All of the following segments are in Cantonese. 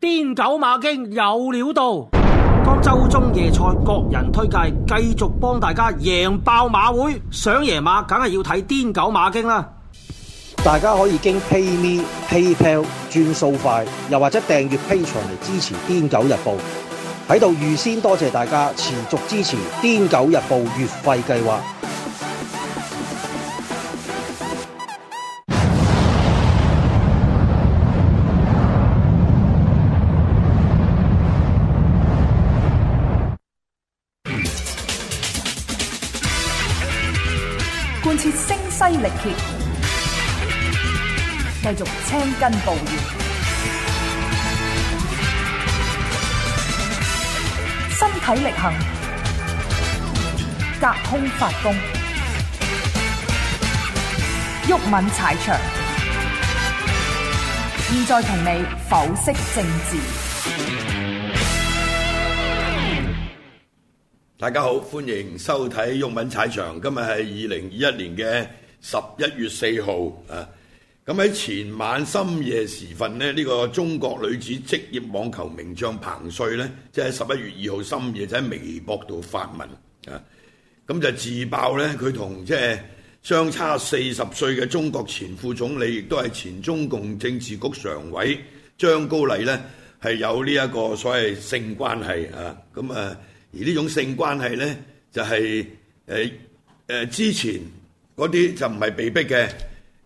癲狗馬經有料到，當週中夜賽各人推介，繼續幫大家贏爆馬會。想贏馬梗係要睇癲狗馬經啦！大家可以經 PayMe PayPal 轉數快，又或者訂閱 Patreon 嚟支持癲狗日報。喺度預先多謝大家持續支持癲狗日報月費計劃。揮力竭，繼續青筋暴現，身體力行，隔空發功，毓民踩場，現在同你剖析政治。大家好，歡迎收睇毓民踩場，今日係二零二一年嘅十一月四號啊，咁喺前晚深夜時分呢，呢個中國女子職業網球名將彭帥呢，即係十一月二號深夜就喺微博度發文啊，咁就自爆呢，佢同即係相差四十歲嘅中國前副總理，亦都係前中共政治局常委張高麗呢，係有呢一個所謂性關係啊。咁啊，而呢種性關係呢，就係誒之前。嗰啲就唔係被逼嘅，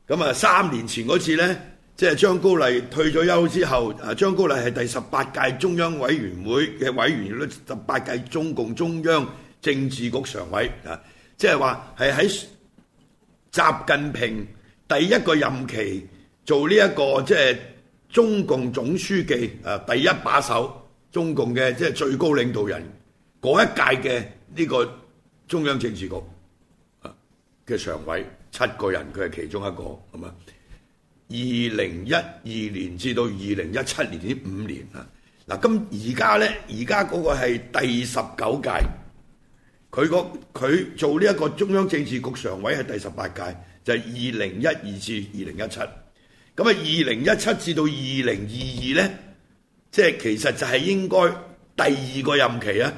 咁啊三年前嗰次呢，即係張高麗退咗休之後，啊張高麗係第十八屆中央委員會嘅委員，十八屆中共中央政治局常委啊，即係話係喺習近平第一個任期做呢、這、一個即係、就是、中共總書記啊第一把手，中共嘅即係最高領導人嗰一屆嘅呢個中央政治局。嘅常委七個人，佢係其中一個係嘛。二零一二年至到二零一七年呢五年啊，嗱，咁而家呢，而家嗰個係第十九屆，佢個佢做呢一個中央政治局常委係第十八屆，就係二零一二至二零一七。咁啊，二零一七至到二零二二呢，即係其實就係應該第二個任期啊，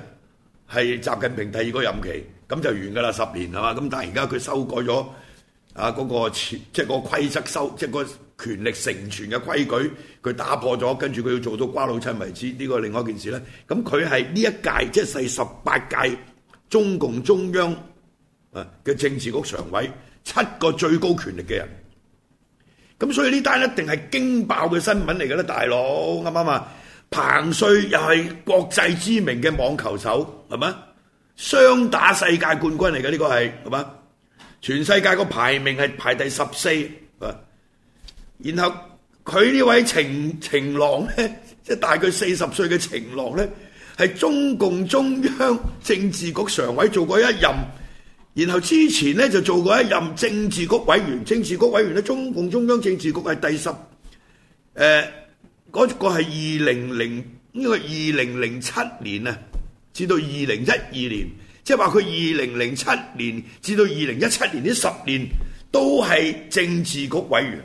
係習近平第二個任期。咁就完㗎啦，十年係嘛？咁但係而家佢修改咗啊嗰個即係個規則收，收即係個權力成全嘅規矩，佢打破咗，跟住佢要做到瓜老襯為止，呢個另外一件事咧。咁佢係呢一屆即係十八屆中共中央啊嘅政治局常委，七個最高權力嘅人。咁所以呢單一定係驚爆嘅新聞嚟嘅啦，大佬啱唔啱啊？彭帥又係國際知名嘅網球手，係咪雙打世界冠軍嚟嘅呢個係，係嘛？全世界個排名係排第十四，然後佢呢位情情郎咧，即係大概四十歲嘅情郎咧，係中共中央政治局常委做過一任，然後之前咧就做過一任政治局委員，政治局委員咧，中共中央政治局係第十、呃，誒、那個，嗰個係二零零呢個二零零七年啊。至到二零一二年，即係話佢二零零七年至到二零一七年呢十年都係政治局委員，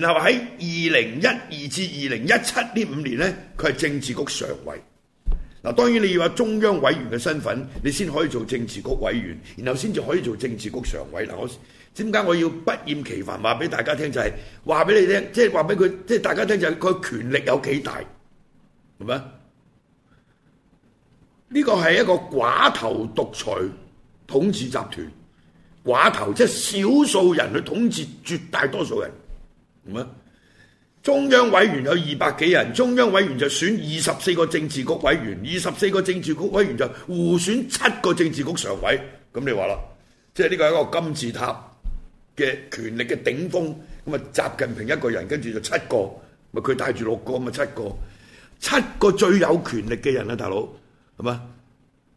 然後喺二零一二至二零一七呢五年咧，佢係政治局常委。嗱，當然你要有中央委員嘅身份，你先可以做政治局委員，然後先至可以做政治局常委。嗱，我點解我要不厭其煩話俾大家聽就係話俾你聽，即係話俾佢，即係大家聽就係佢權力有幾大，係咪啊？呢個係一個寡頭獨裁統治集團，寡頭即係少數人去統治絕大多數人，係咪？中央委員有二百幾人，中央委員就選二十四個政治局委員，二十四個政治局委員就互選七個政治局常委。咁你話啦，即係呢個係一個金字塔嘅權力嘅頂峰。咁啊，習近平一個人跟住就七個，咪佢帶住六個咪七個，七個最有權力嘅人啦，大佬。係嘛？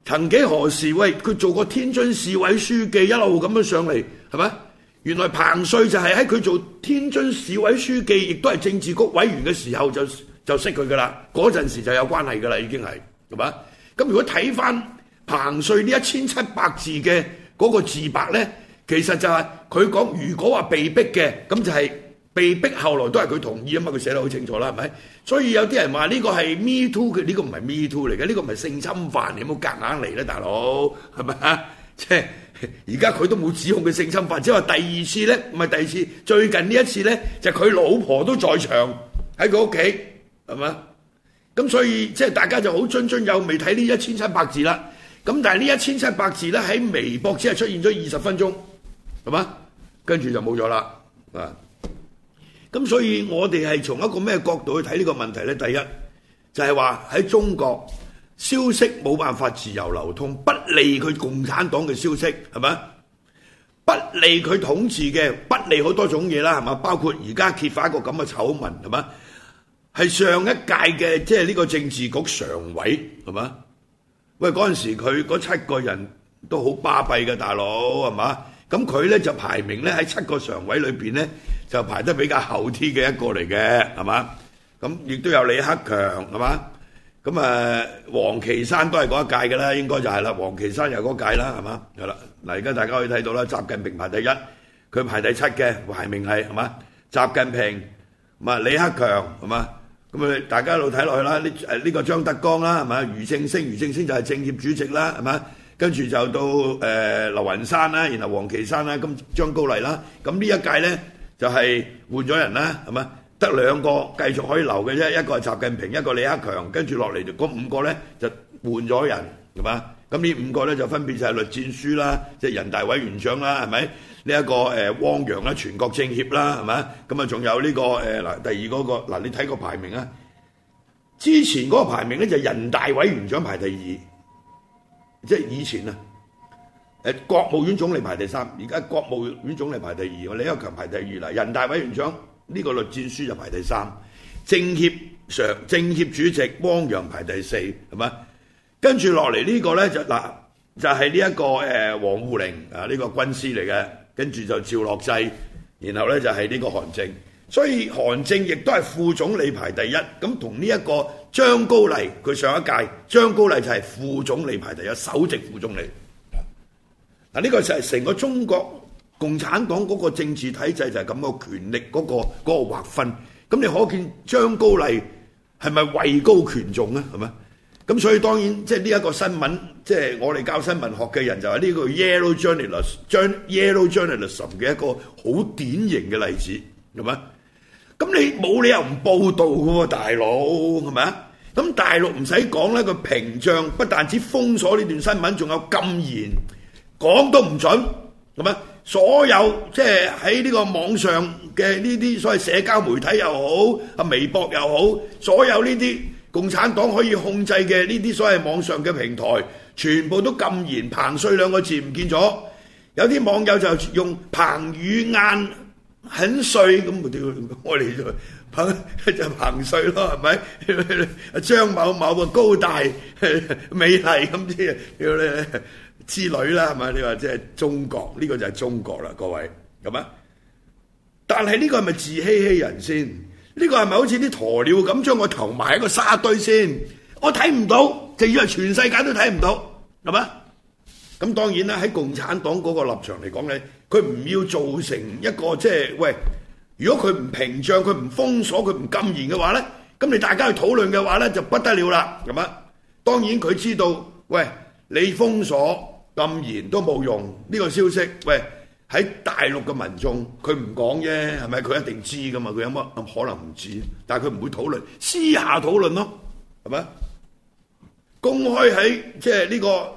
曾幾何時，喂，佢做過天津市委書記，一路咁樣上嚟，係嘛？原來彭帥就係喺佢做天津市委書記，亦都係政治局委員嘅時候就就識佢噶啦，嗰陣時就有關係噶啦，已經係，係嘛？咁如果睇翻彭帥呢一千七百字嘅嗰個自白咧，其實就係佢講如果話被逼嘅，咁就係，是。被逼後來都係佢同意啊嘛，佢寫得好清楚啦，係咪？所以有啲人話呢個係 me too 嘅，呢個唔係 me too 嚟嘅，呢個唔係性侵犯，你有冇夾硬嚟咧，大佬係咪啊？即係而家佢都冇指控佢性侵犯，只係第二次咧，唔係第二次，最近呢一次咧就係佢老婆都在場喺佢屋企係嘛，咁所以即係大家就好津津有味睇呢一千七百字啦。咁但係呢一千七百字咧喺微博只係出現咗二十分鐘係嘛，跟住就冇咗啦啊！咁所以我哋係從一個咩角度去睇呢個問題呢？第一就係話喺中國消息冇辦法自由流通，不利佢共產黨嘅消息，係咪？不利佢統治嘅，不利好多種嘢啦，係嘛？包括而家揭發一個咁嘅醜聞，係嘛？係上一屆嘅即係呢個政治局常委，係嘛？喂，嗰陣時佢嗰七個人都好巴閉嘅，大佬，係嘛？咁佢咧就排名咧喺七個常委裏邊咧就排得比較後啲嘅一個嚟嘅，係嘛？咁亦都有李克強，係嘛？咁啊，王岐山都係嗰一屆嘅啦，應該就係啦。王岐山又嗰一屆啦，係嘛？係啦。嗱，而家大家可以睇到啦，習近平排第一，佢排第七嘅排名係係嘛？習近平，唔係李克強，係嘛？咁啊，大家一路睇落去啦。呢誒呢個張德江啦，係嘛？俞正聲，俞正聲就係政協主席啦，係嘛？跟住就到誒劉雲山啦，然後王岐山啦，咁張高麗啦，咁呢一屆呢，就係換咗人啦，係嘛？得兩個繼續可以留嘅啫，一個係習近平，一個李克強，跟住落嚟就嗰五個呢，就換咗人，係嘛？咁呢五個呢，就分別就係栗戰書啦，即係人大委員長啦，係咪？呢一個誒汪洋啦，全國政協啦，係咪？咁啊仲有呢個誒嗱第二嗰個嗱你睇個排名啊，之前嗰個排名呢，就人大委員長排第二。即係以前啊，誒國務院總理排第三，而家國務院總理排第二，李克強排第二啦。人大委員長呢個栗戰書就排第三，政協上政協主席汪洋排第四，係咪？跟住落嚟呢個咧就嗱，就係呢一個誒王滬寧啊，呢個軍師嚟嘅，跟住就趙樂際，然後咧就係呢個韓正。所以韓正亦都係副總理排第一，咁同呢一個張高麗佢上一屆，張高麗就係副總理排第一，首席副總理。嗱，呢個就係成個中國共產黨嗰個政治體制就係咁個權力嗰個嗰個劃分。咁你可見張高麗係咪位高權重啊？係咪？咁所以當然即係呢一個新聞，即係我哋教新聞學嘅人就話呢個 Yellow Journalism、Yellow Journalism 嘅一個好典型嘅例子係咪？咁你冇理由唔報道嘅喎，大佬係咪啊？咁大陸唔使講啦，個屏障不但止封鎖呢段新聞，仲有禁言，講都唔準，係咪？所有即係喺呢個網上嘅呢啲所謂社交媒體又好，啊微博又好，所有呢啲共產黨可以控制嘅呢啲所謂網上嘅平台，全部都禁言，彭帥兩個字唔見咗。有啲網友就用彭于晏。很帥咁，我哋就彭就彭帥咯，係咪？張 某某個高大美麗咁啲之類啦，係咪？你話即係中國呢、這個就係中國啦，各位咁啊？但係呢個係咪自欺欺人先？呢、這個係咪好似啲鴕鳥咁，將我頭埋喺個沙堆先？我睇唔到，就以為全世界都睇唔到，係咪？咁當然啦，喺共產黨嗰個立場嚟講咧，佢唔要造成一個即係喂，如果佢唔屏障、佢唔封鎖、佢唔禁言嘅話咧，咁你大家去討論嘅話咧就不得了啦，係咪？當然佢知道，喂，你封鎖、禁言都冇用，呢個消息，喂，喺大陸嘅民眾佢唔講啫，係咪？佢一定知噶嘛，佢有乜可能唔知？但係佢唔會討論，私下討論咯，係咪？公開喺即係呢個。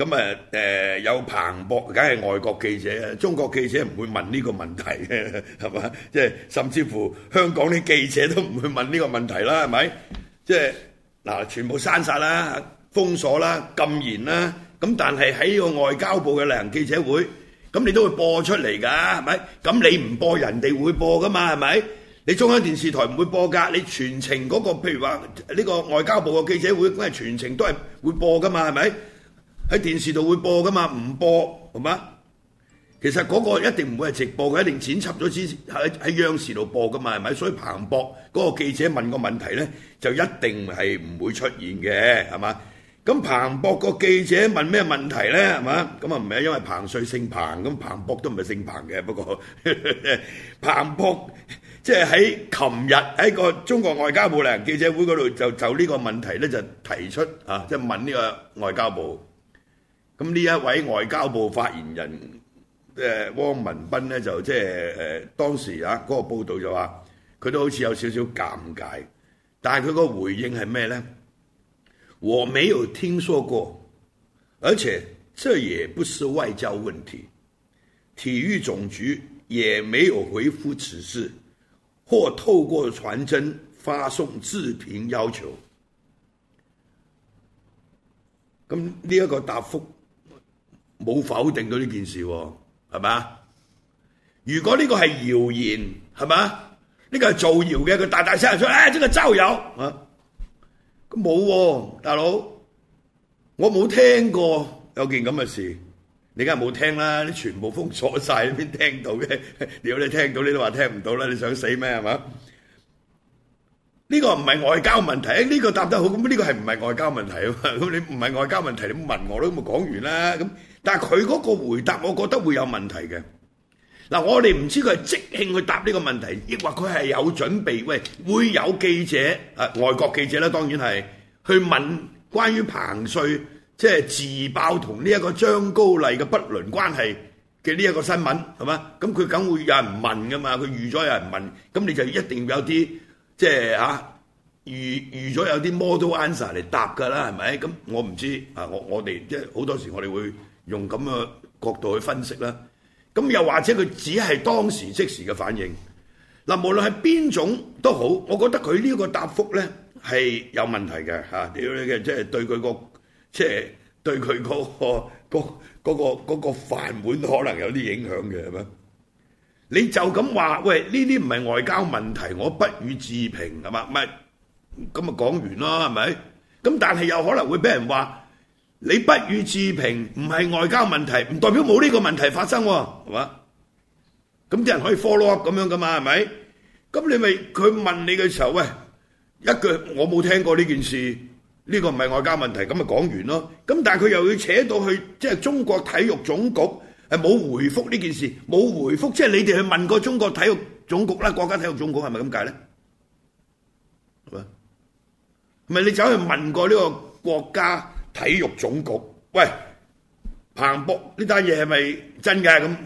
咁誒誒有彭博，梗係外國記者啊！中國記者唔會問呢個問題嘅，係嘛？即係甚至乎香港啲記者都唔會問呢個問題啦，係咪？即係嗱，全部刪殺啦、封鎖啦、禁言啦。咁但係喺呢個外交部嘅例行記者會，咁你都會播出嚟㗎，係咪？咁你唔播，人哋會播㗎嘛，係咪？你中央電視台唔會播㗎，你全程嗰個譬如話呢個外交部嘅記者會，梗係全程都係會播㗎嘛，係咪？喺電視度會播噶嘛？唔播係嘛？其實嗰個一定唔會係直播，佢一定剪輯咗之前喺喺央視度播噶嘛？係咪？所以彭博嗰個記者問個問題咧，就一定係唔會出現嘅，係嘛？咁彭博個記者問咩問題咧？係嘛？咁啊唔係因為彭帥姓彭，咁彭博都唔係姓彭嘅，不過 彭博即係喺琴日喺個中國外交部咧記者會嗰度，就就呢個問題咧就提出啊，即係問呢個外交部。咁呢一位外交部發言人，誒、呃、汪文斌咧就即係誒當時啊嗰、那個報道就話，佢都好似有少少尷尬，但係佢個回應係咩呢？「我沒有聽說過，而且這也不是外交問題，體育總局也沒有回覆此事，或透過傳真發送置評要求。咁呢一個答覆。冇否定到呢件事喎，係嘛？如果呢個係謠言，係嘛？呢、這個係造謠嘅，佢大大聲出，哎，真係周友，咁冇、啊，大佬，我冇聽過有件咁嘅事，你梗係冇聽啦，你全部封鎖晒，你邊聽到嘅？ 如果你聽到，你都話聽唔到啦，你想死咩？係嘛？呢、這個唔係外交問題，呢、這個答得好，咁、這、呢個係唔係外交問題啊？咁 你唔係外交問題，你問我都冇講完啦，咁。但係佢嗰個回答，我覺得會有問題嘅。嗱，我哋唔知佢係即興去答呢個問題，抑或佢係有準備？喂，會有記者啊、呃，外國記者咧，當然係去問關於彭帥即係自爆同呢一個張高麗嘅不倫關係嘅呢一個新聞係咪？咁佢梗會有人問㗎嘛，佢預咗有人問，咁你就一定要有啲即係啊預預咗有啲 model answer 嚟答㗎啦，係咪？咁我唔知啊，我我哋即係好多時我哋會，用咁嘅角度去分析啦，咁又或者佢只係當時即時嘅反應，嗱，無論係邊種都好，我覺得佢呢個答覆咧係有問題嘅嚇，屌你嘅，即係對佢個即係對佢嗰個嗰嗰個嗰個飯碗可能有啲影響嘅係咪？你就咁話喂，呢啲唔係外交問題，我不予置評係嘛？唔係咁咪講完啦係咪？咁但係又可能會俾人話。你不予置評，唔係外交問題，唔代表冇呢個問題發生喎，係嘛？咁啲人可以 follow up 咁樣噶嘛，係咪？咁你咪佢問你嘅時候，喂，一句我冇聽過呢件事，呢個唔係外交問題，咁咪講完咯。咁但係佢又要扯到去，即係中國體育總局係冇回覆呢件事，冇回覆，即係你哋去問過中國體育總局啦，國家體育總局係咪咁解咧？係嘛？係咪你走去問過呢個國家？體育總局，喂，彭博呢單嘢係咪真嘅咁？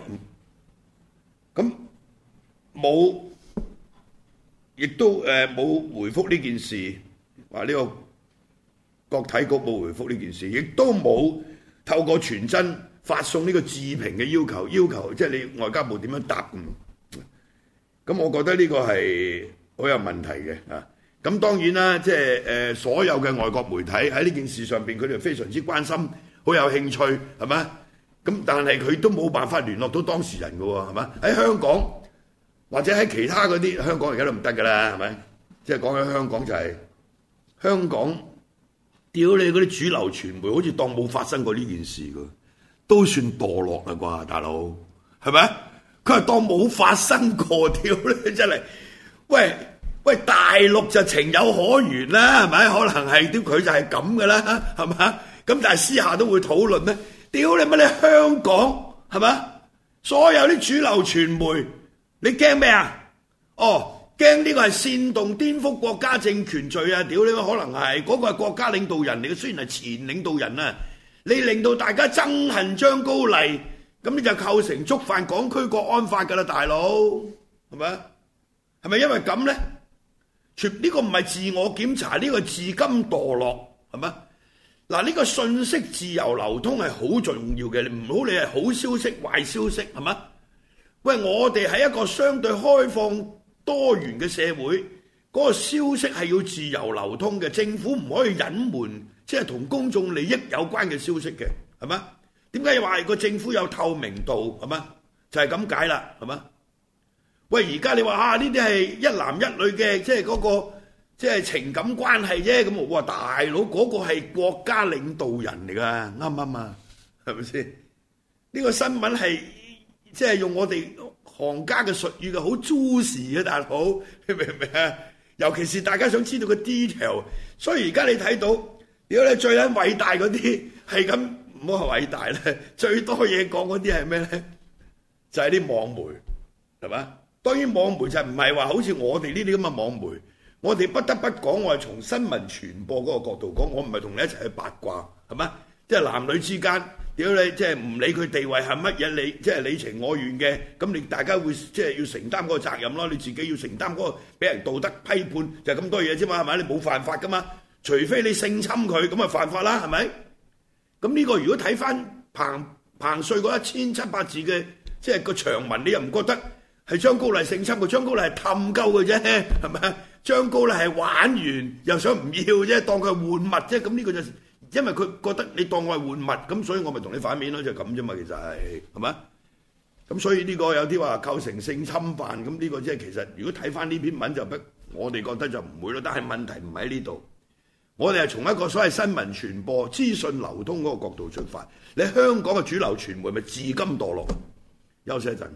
咁冇，亦都誒冇、呃、回覆呢件事，話呢、這個國體局冇回覆呢件事，亦都冇透過傳真發送呢個置評嘅要求，要求即係你外交部點樣答咁。咁、嗯、我覺得呢個係好有問題嘅啊！咁當然啦，即係誒所有嘅外國媒體喺呢件事上邊，佢哋非常之關心，好有興趣，係咪？咁但係佢都冇辦法聯絡到當事人㗎喎，係咪？喺香港或者喺其他嗰啲香港而家都唔得㗎啦，係咪？即係講緊香港就係、是、香港，屌你嗰啲主流傳媒，好似當冇發生過呢件事㗎，都算墮落啦啩，大佬係咪？佢係當冇發生過，屌你真係，喂！喂，大陸就情有可原啦，係咪？可能係啲佢就係咁噶啦，係咪啊？咁但係私下都會討論咩。屌你乜你，香港係咪啊？所有啲主流傳媒，你驚咩啊？哦，驚呢個係煽動顛覆國家政權罪啊！屌你，可能係嗰個係國家領導人嚟嘅，雖然係前領導人啊，你令到大家憎恨張高麗，咁你就構成觸犯港區國安法噶啦，大佬係咪啊？係咪因為咁咧？呢個唔係自我檢查，呢個自甘墮落係嘛？嗱，呢個信息自由流通係好重要嘅，唔好理係好消息、壞消息係嘛？喂，我哋係一個相對開放多元嘅社會，嗰個消息係要自由流通嘅，政府唔可以隱瞞即係同公眾利益有關嘅消息嘅係嘛？點解又話個政府有透明度係嘛？就係咁解啦係嘛？喂，而家你話啊，呢啲係一男一女嘅，即係嗰個即係、就是、情感關係啫。咁我話大佬嗰、那個係國家領導人嚟㗎，啱唔啱啊？係咪先？呢、這個新聞係即係用我哋行家嘅術語嘅，好 juicy 嘅大佬，你明唔明啊？尤其是大家想知道嘅 detail，所以而家你睇到，如果你最揾偉大嗰啲係咁唔好話偉大咧，最多嘢講嗰啲係咩咧？就係、是、啲網媒係嘛？當然網媒就唔係話好似我哋呢啲咁嘅網媒，我哋不得不講，我係從新聞傳播嗰個角度講，我唔係同你一齊去八卦，係咪？即係男女之間，屌你，你，即係唔理佢地位係乜嘢，你即係你情我願嘅，咁你大家會即係、即係、要承擔嗰個責任咯，你自己要承擔嗰個俾人道德批判就係咁多嘢啫嘛，係咪？你冇犯法噶嘛，除非你性侵佢咁啊犯法啦，係咪？咁呢個如果睇翻彭彭帥嗰一千七百字嘅即係個長文，你又唔覺得？係張高麗性侵嘅，張高麗係氹鳩嘅啫，係咪啊？張高麗係玩完又想唔要啫，當佢係玩物啫。咁呢個就因為佢覺得你當我係玩物，咁所以我咪同你反面咯，就咁啫嘛。其實係係咪啊？咁所以呢個有啲話構成性侵犯，咁呢個即係其實如果睇翻呢篇文就畀，我哋覺得就唔會咯。但係問題唔喺呢度，我哋係從一個所謂新聞傳播資訊流通嗰個角度出發。你香港嘅主流傳媒咪至今墮落？休息一陣。